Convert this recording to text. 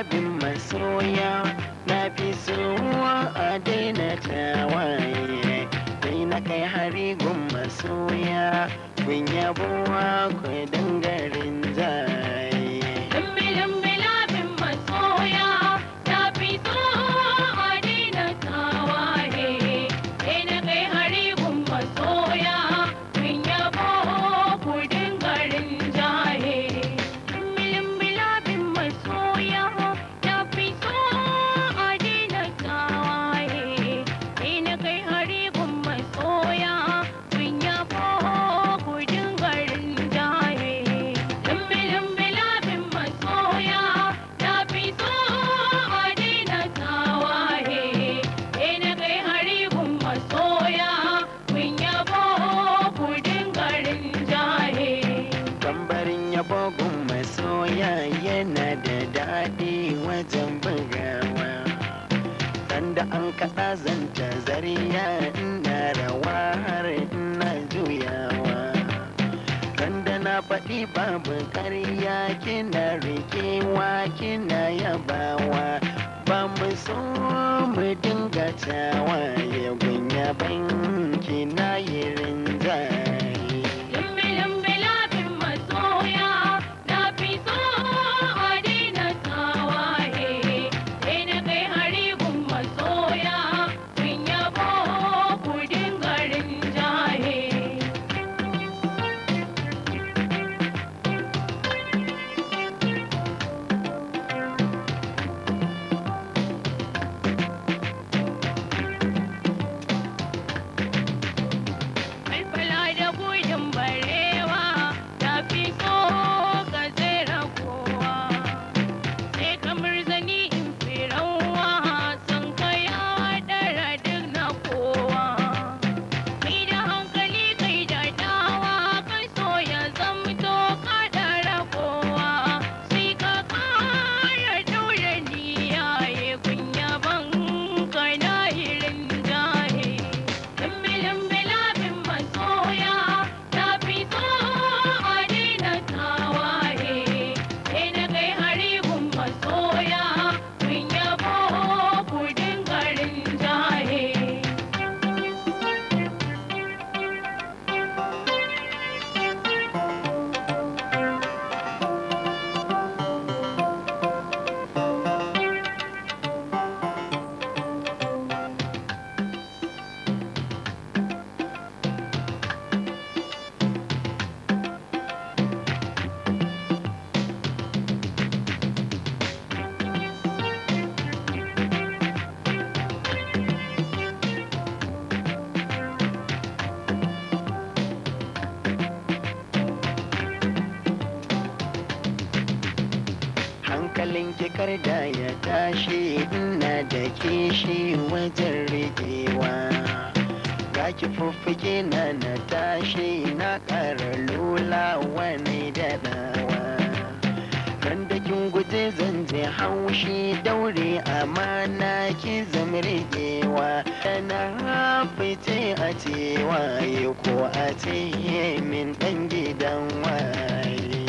babin masoya na fi sowa a daina tawaye sai na kai hari gun masoya kun yabuwa ku dangare faɗa zariya ina rawa har ina juyawa kanda na faɗi babu ƙarya kina rikewa kina yabawa ba mu so mu dinga tawa ya gunya ban hankalin kikar da ya tashi ina da kishi wajen rigewa ga kifuffike na na tashi na ƙara lula wani daɗawa ran da kin guje zan je haushi daure amana ki zama rigewa na fice a cewa ko a ce min ɗan gidan waye